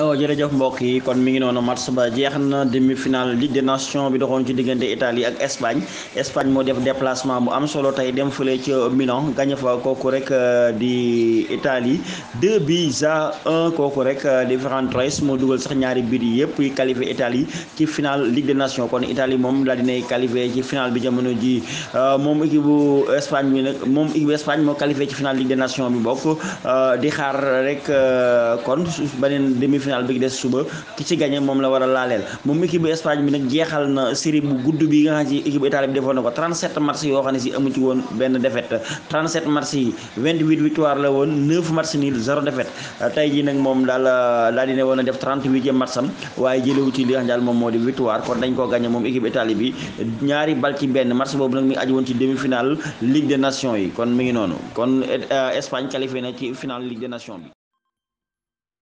waaw jërëjëf mbokk yi kon mi ngi noonu match ba jeex na demi finale Ligue des Nations bi doxoon ci diggante Italie ak Espagne Espagne moo def déplacement bu am solo tey dem fële ci Milan gagné fa kooku rek euh, di Italie 2 buts à 1 kooku rek euh, di Ferran Torres moo dugal sax ñaari but yi yëpp yi qualifié Italie ci finale Ligue des Nations kon itali moom daal dinay qualifié ci finale bi jamono ji euh, moom équipe bu Espagne bi nag moom équipe bu Espagne moo qualifié ci finale bi bokk di xaar demi-finale bi des suba ki ci gagné moom la war a laaleel moom équipe Espagne bi nag jeexal na série bu gudd bi nga xam ci équipe Italie bi defoon na ko 37 matchs yoo xam ne si victoire la woon 9 matchs nul 0 défaite tey jii nag moom daal daal di ne woon a def 38e match am waaye jëlewu ci li moom moo di victoire kon dañ koo gagné moom équipe Italie bi ñaari bal ci benn match boobu nag mi ngi woon ci demi-finale Ligue des Nations yi kon mi ngi